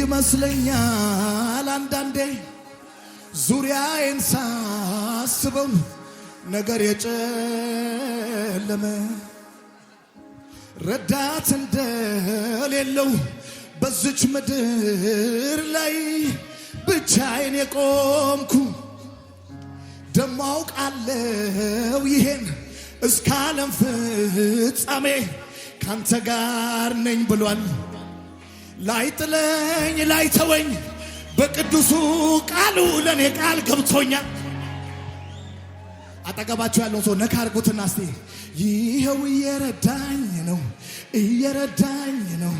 ይመስለኛል አንዳንዴ ዙሪያዬን ሳስበው ነገር የጨለመ ረዳት እንደሌለው በዝች ምድር ላይ ብቻዬን የቆምኩ ደሞ አውቃለው ይሄን እስከ ዓለም ፍጻሜ ካንተ ጋር ነኝ ብሏል። ላይጥለኝ ላይተወኝ በቅዱሱ ቃሉ ለእኔ ቃል ገብቶኛል። አጠገባቸው ያለው ሰው ነካ አድርጉትና እስቲ ይኸው እየረዳኝ ነው እየረዳኝ ነው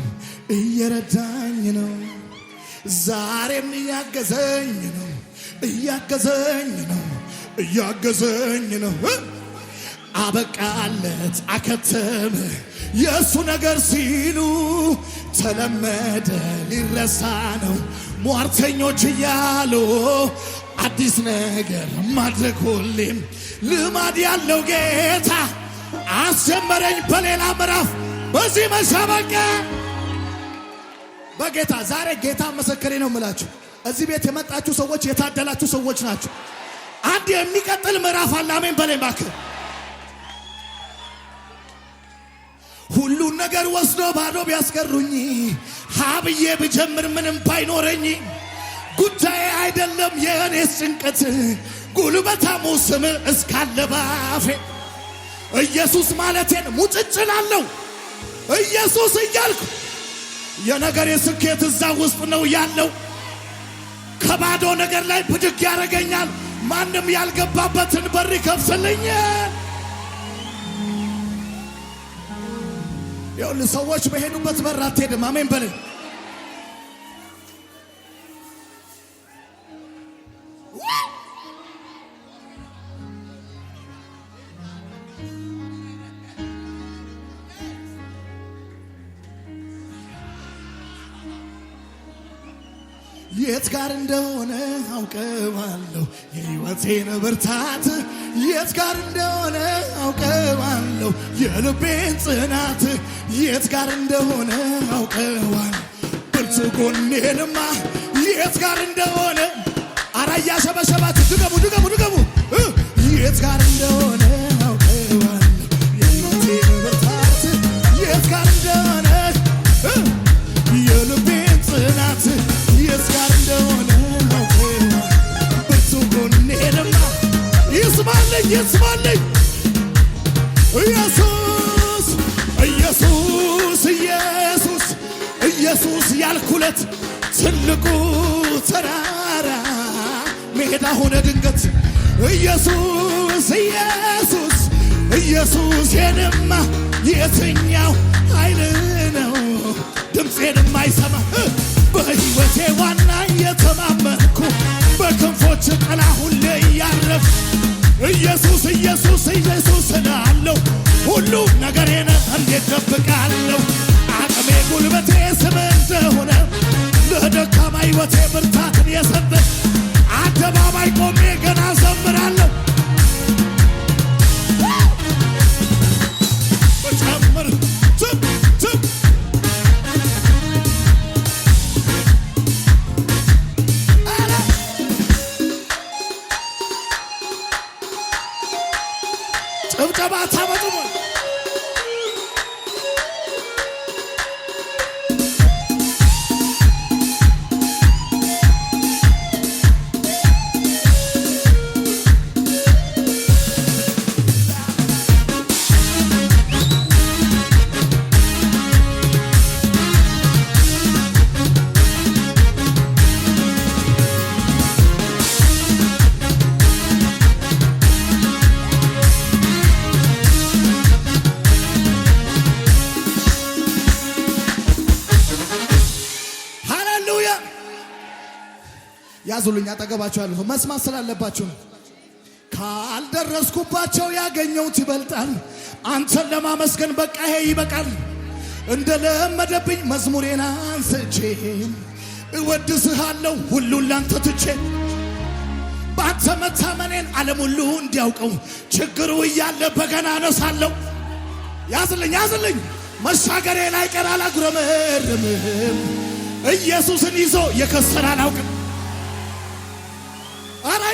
እየረዳኝ ነው ዛሬም እያገዘኝ ነው እያገዘኝ ነው እያገዘኝ ነው አበቃለት አከተመ የእሱ ነገር ሲሉ ተለመደ ሊረሳ ነው። ሟርተኞች እያሉ አዲስ ነገር ማድረግ ሁሌም ልማድ ያለው ጌታ አስጀመረኝ። በሌላ ምዕራፍ በዚህ መሸበቀ በጌታ ዛሬ ጌታ መሰከሬ ነው የምላችሁ። እዚህ ቤት የመጣችሁ ሰዎች የታደላችሁ ሰዎች ናቸው። አንድ የሚቀጥል ምዕራፍ አለ። አሜን በላይ ነገር ወስዶ ባዶ ቢያስቀሩኝ ሀብዬ ብጀምር ምንም ባይኖረኝ ጉዳይ አይደለም የእኔ ጭንቀት ጉልበታሙ ስም እስካለ ባፌ ኢየሱስ ማለቴን ሙጭጭላለሁ ኢየሱስ እያልኩ የነገሬ ስኬት እዛ ውስጥ ነው ያለው። ከባዶ ነገር ላይ ብድግ ያደርገኛል። ማንም ያልገባበትን በር ይከፍትልኛል። ይሁን ሰዎች በሄዱበት በር አትሄድም። አሜን በል የት ጋር እንደሆነ አውቀዋለሁ የሕይወቴን ብርታት የት ጋር እንደሆነ አውቀዋለሁ የልቤን ጽናት የት ጋር እንደሆነ አውቀዋለሁ ብርቱ ጎኔንማ የት ጋር እንደሆነ አራያ ሰበሰባት ድገሙ ድገሙ ድገሙ የት ጋር እንደሆነ ይስማልኝ ይስማልኝ ኢየሱስ ኢየሱስ ኢየሱስ ኢየሱስ ያልኩለት ትልቁ ተራራ ሜዳ ሆነ ድንገት ኢየሱስ ኢየሱስ ኢየሱስ የንማ የትኛው ኃይል ነው ድምፄንም አይሰማ በሕይወቴ ዋና የተማመንኩ በክንፎች ጥላ ሁሌ እያረፍ ኢየሱስ ኢየሱስ ኢየሱስ እላለሁ ሁሉም ነገሬን እንዴት እጠብቃለሁ። አቅሜ ጉልበቴ ስምህ እንደሆነ ለደካማ ሕይወቴ ብርታትን የሰጠህ አደባባይ ቆሜ ገና ዘምራለሁ። ቅባት ያዙልኝ አጠገባችኋለሁ። መስማት ስላለባችሁ ነው። ካልደረስኩባቸው ያገኘሁት ይበልጣል። አንተን ለማመስገን በቃ ይሄ ይበቃል። እንደ ለመደብኝ መዝሙሬን አንስቼ እወድስሃለሁ ሁሉን ላንተ ትቼ በአንተ መታመኔን ዓለም ሁሉ እንዲያውቀው ችግሩ እያለ በገና አነሳለሁ። ያዝልኝ ያዝልኝ መሻገሬ ላይ ቀር አላጉረመርምም። ኢየሱስን ይዞ የከሰረ አላውቅም።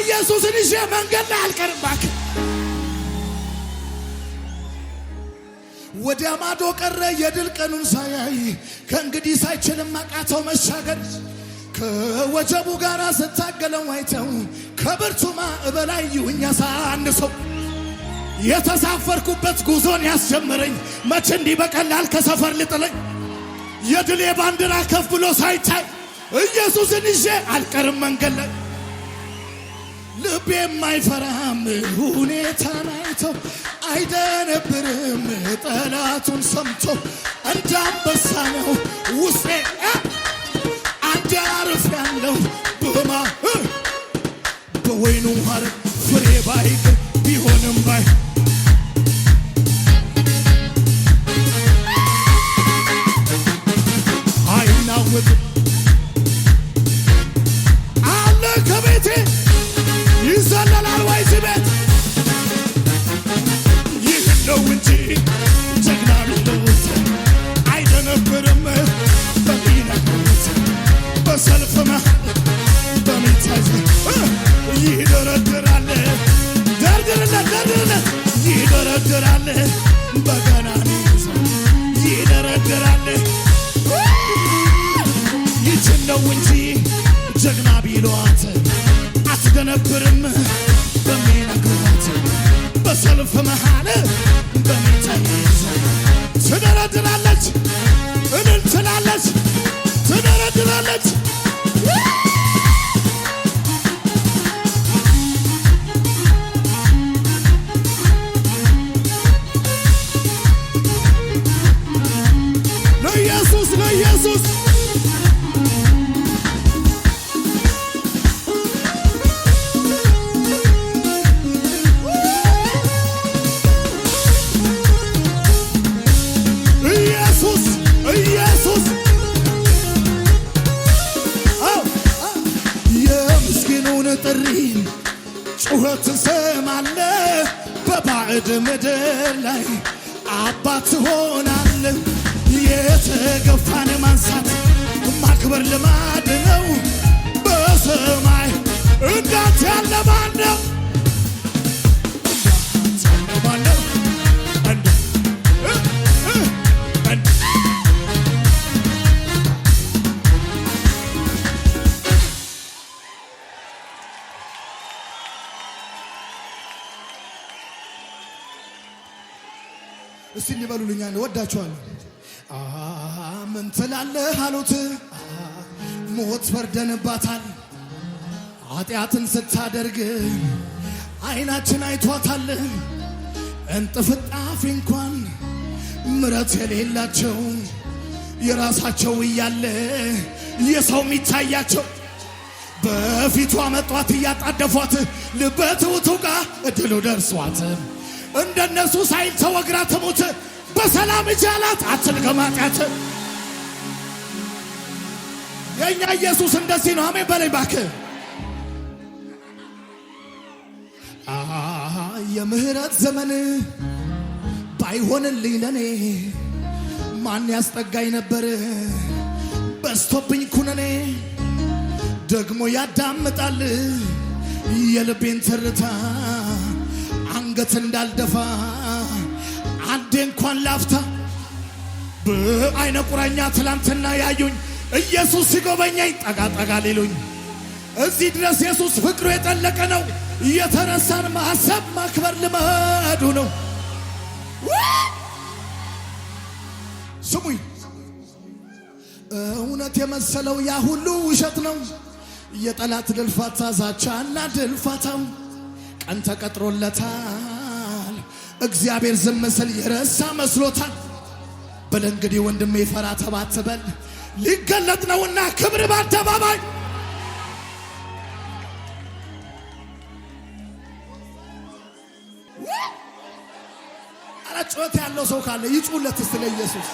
ኢየሱስን ይዤ መንገድ ላይ አልቀርም። እባክህ ወደ ማዶ ቀረ የድል ቀኑን ሳያይ ከእንግዲህ ሳይችልም አቃተው መሻገር ከወጀቡ ጋር ስታገለው አይተው ከብርቱ እበላይ ይሁኛ አንድ የተሳፈርኩበት ጉዞን ያስጀመረኝ መቼ እንዲህ በቀላል ከሰፈር ልጥለኝ የድሌ ባንዲራ ከፍ ብሎ ሳይታይ ኢየሱስን ይዤ አልቀርም መንገድ ላይ ልብ የማይፈራም ሁኔታን አይተው አይደነብርም ጠላቱን ሰምቶ እንደ አንበሳ ነው ውስጤ አዳርፍ ያለው ብማ በወይኑ ሐር ፍሬ ባይቅር ቢሆንም ባይ አይናወጥ G. ይሆናል። የተገፋን ማንሳት ማክበር ልማድ ነው። በሰማይ እንዳንተ ያለ ማን ነው? በሉልኛል። ወዳችኋለሁ። ምን ትላለህ አሉት። ሞት ፈርደንባታል። ኃጢአትን ስታደርግ አይናችን አይቷታል። እንጥፍጣፊ እንኳን ምረት የሌላቸው የራሳቸው እያለ የሰው የሚታያቸው በፊቱ አመጧት እያጣደፏት ልበትውቱ ጋር እድሉ ደርሷት እንደነሱ ሳይል ተወግራ ትሙት በሰላም እጅ አላት። አትልቀም ኃጢአትን። የእኛ ኢየሱስ እንደዚህ ነው። አሜን በለኝ እባክህ። የምህረት ዘመን ባይሆንልኝ ለኔ ማን ያስጠጋኝ ነበር? በስቶብኝ ኩነኔ ደግሞ ያዳምጣል የልቤን ትርታ አንገት እንዳልደፋ አንዴ እንኳን ላፍታ በአይነ ቁራኛ ትላንትና ያዩኝ ኢየሱስ ሲጎበኛኝ ጠጋ ሊሉኝ! እዚህ ድረስ ኢየሱስ ፍቅሩ የጠለቀ ነው። የተረሳን ማሰብ ማክበር ልመዱ ነው። ስሙኝ፣ እውነት የመሰለው ያ ሁሉ ውሸት ነው። የጠላት ድልፋታ ዛቻና ድልፋታው ቀን ተቀጥሮለታል እግዚአብሔር ዝም ስል የረሳ መስሎታል። በል እንግዲህ ወንድሜ ፈራ ተባትበል ሊገለጥ ነውና ክብር በአደባባይ ጩኸት ያለው ሰው ካለ ይጩለት ስለ ኢየሱስ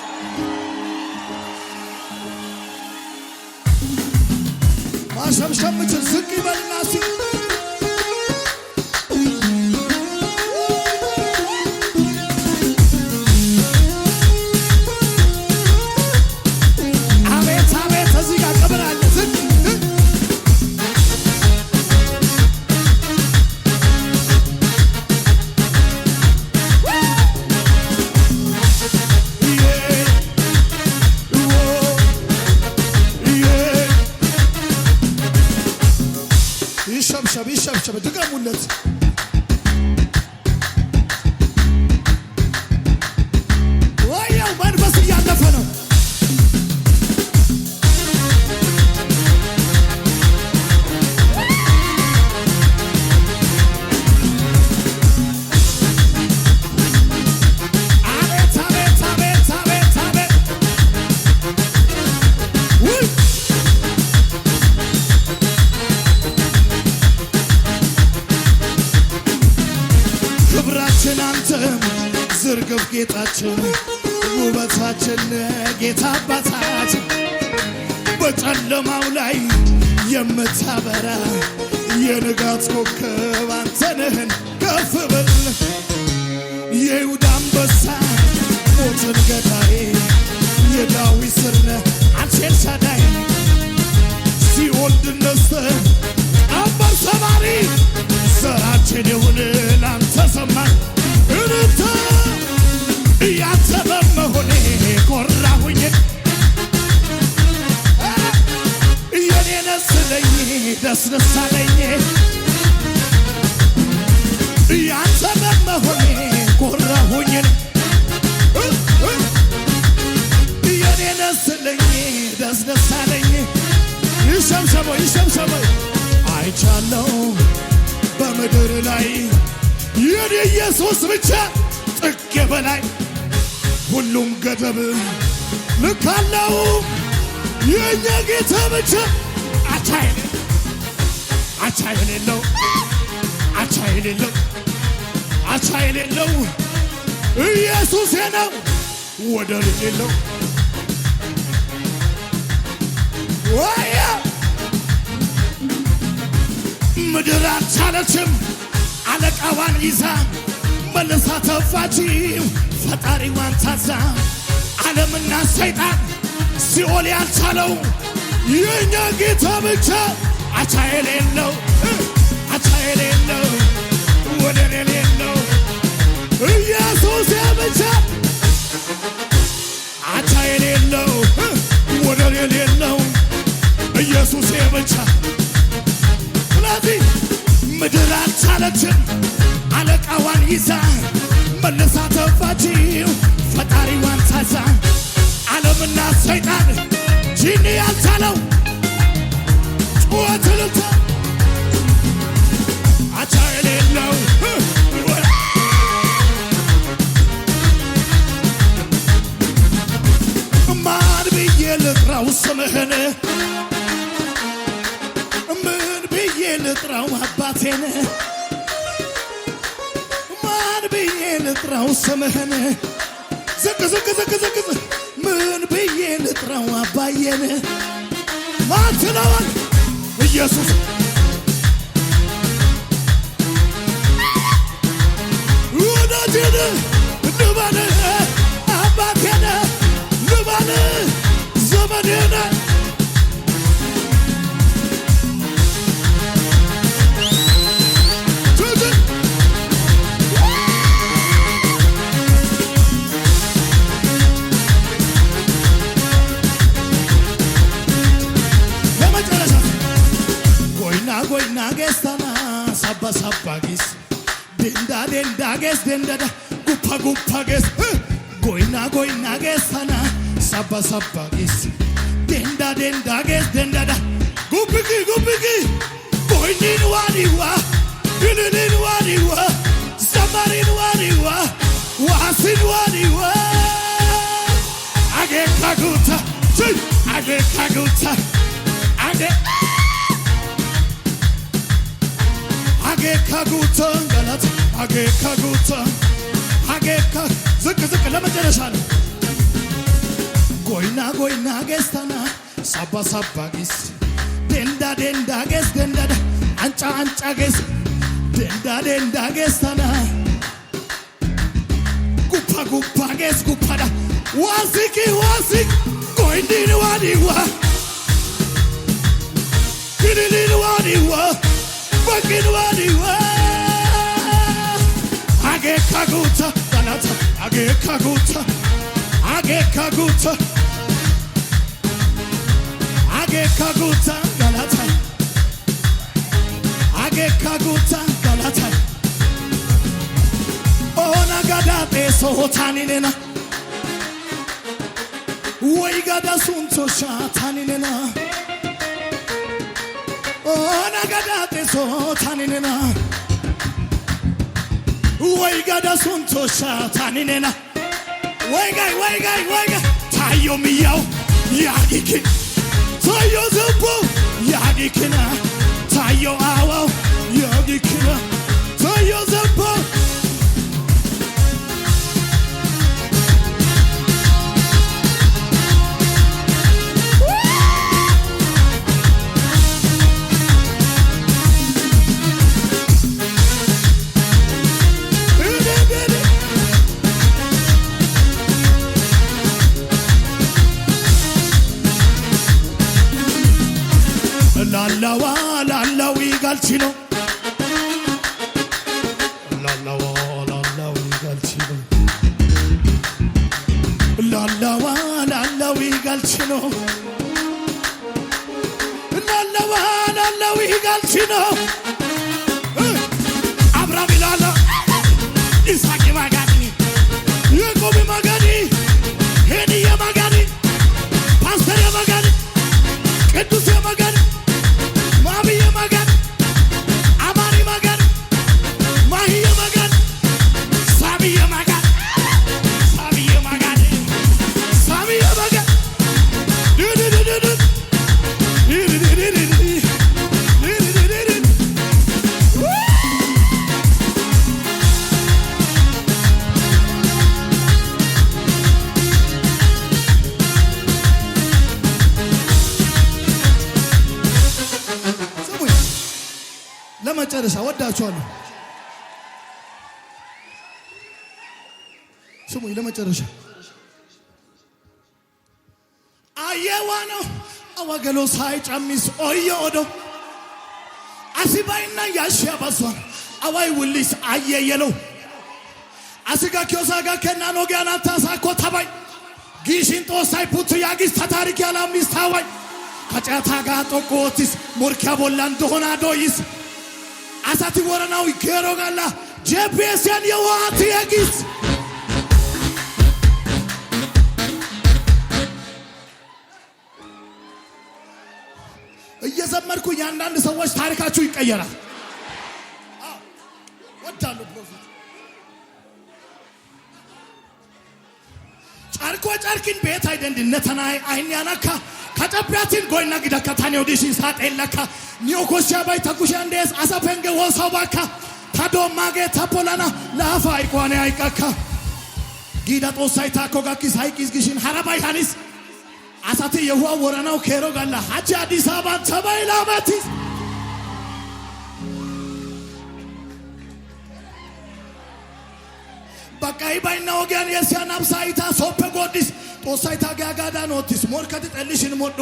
ምችል ዝቅ ይበልና ሲል የይሁዳ አንበሳ ሞትን ገዳይ የዳዊት ስር ነህ አንተ ኤልሻዳይ ሲኦል ድል ነስተህ ቀንበር ሰባሪ ዘራችን ይሁን ላንተ እንተ በመሆኔ ኮራሁኝ የኔ ነስለኝ ደስ ደስ አለኝ በመሆኔ ያረኩኝን የኔ ነስልኝ ደስደሳለኝ ይሰብሰበ ይሰብሰበ አይቻለው በምድር ላይ የኔ ኢየሱስ ብቻ ጥግ በላይ ሁሉም ገደብ ልካለው የእኛ ጌታ ብቻ አቻ አቻ የሌለው አቻ የሌለው አቻ የሌለው ኢየሱስ ነው ወደር የለው ወየ ምድር አልቻለችም አለቃዋን ይዛ መልሳ ተፋች ፈጣሪዋን ታዛ ዓለምና ሰይጣን ሲኦል ያልቻለው የእኛ ጌታ ብቻ አቻ የሌለው አቻ የሌለው የሌለው ወደር የሌለው ኢየሱስ ብቻ። ስለዚህ ምድር አልቻለችም አለቃዋን ይዛ መልሳ ተፋችው ፈጣሪዋን ታዛ ዓለምና ሰይጣን ጂኒ ያልቻለው ጩኸት ልልታ አቻ የሌለው ልጥራው ስምህን ምን ብዬ ልጥራው አባቴን ማን ብዬ ልጥራው ስምህን ዝቅ ዝቅ ዝቅ ዝቅ ምን ብዬ ልጥራው አባየን ኢየሱስ ያድነን ሳባሳባጌስ ደንዳ ደንዳጌስ ደንደዳ ጉፓ ጉፓጌስ ጎይና ጎይናጌስ ተና ሳባሳባጌስ dendage dendada gupiki gupiki boinin wariwa ilinin wariwa zamarin wariwa wasin wariwa age kaguta age kaguta age age kaguta galat age kaguta age ka ዝቅ ዝቅ ለመጨረሻ ነው ጎይና ጎይና ጌስታና Sabba sabba gis. Denda denda ges denda da. Ancha ancha ges. Denda denda ges sana. Gupa gupa ges gupa da. Wasiki wasik. Koindini wadiwa. Kinilini wadiwa. Fucking wadiwa. Age kaguta. Danata. Age kaguta. Age kaguta. Ageka guta galata Ageka guta galata Ona gada beso hotani nena Wai gada sunto shatani nena Ona gada beso hotani nena Wai gada sunto shatani nena Wai gai wai gai wai gai Tayo miyao Yagikin ታዮ ዘቦ ያዲክና ታዮ አዋው ያዲክና መጨረሻ ወዳችኋለሁ። ስሙኝ ለመጨረሻ አየዋ ነው አዋገሎ ሳይጫሚስ ኦየ ኦዶ አሲባይና ያሽ አዋይ ውሊስ አየ የለው አሲጋ ኪዮሳጋ ከና ኖጊያና ታሳኮ ተባይ ጊሽን ጦሳይ ፑቱ ያጊስ ተታሪክ ያላሚስ ታዋይ ከጨታ ጋር ጦቆቲስ ሞርኪያ ቦላ እንደሆነ አዶይስ አሳቲ ወረናዊ ጌሮጋላ ጄፒኤስን የዋት የጊስ እየዘመርኩ የአንዳንድ ሰዎች ታሪካችሁ ይቀየራል። ወዳለሁ ጨርቆ ጨርኪን ቤት አይደንድነተናይ አይንያናካ ከጨቢያቲን ጎይና ጊደከታኔ ወዲሽን ሳጤለካ ኒኦኮሲያ ባይ ተኩሻ እንዴስ አሰፈንገ ወሳው ባካ ታዶማጌ ታፖላና ላፋ አይቋኔ አይቃካ ጊዳ ጦሳይ ታኮ ጋኪስ ግሽን ሀራባይ ታኒስ አሳቴ የሁዋ ወረናው ኬሮ ጋላ ሀጂ አዲስ አበባ ተባይ ላመቲስ በቃይ ባይና ወገን የሲያናብሳይታ ሶፔ ጎዲስ ጦሳይታ ጋጋዳ ኖቲስ ሞርከት ጠልሽን ሞዷ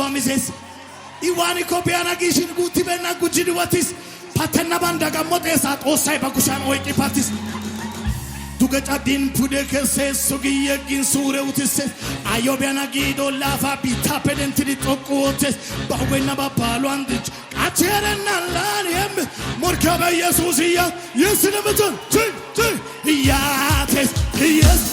ኢዋኒኮቢያናጊሽን ጉቲቤና ጉጂድወቲስ ፓተናባንዳጋሞ ጤሳ ጦሳይ በጉሻን ወይቂ ፓርቲስ duge cabbiin pude keesseessu kiyya eggiin suure utisse ayyoobiyan agiidoo laafaa biittaa pedentini xoqqu oottes bawwenna babbaalu andich qachi erennaan laan yemme morkabe yesuusiyya yesinimiton ti ti iyyaates iyyes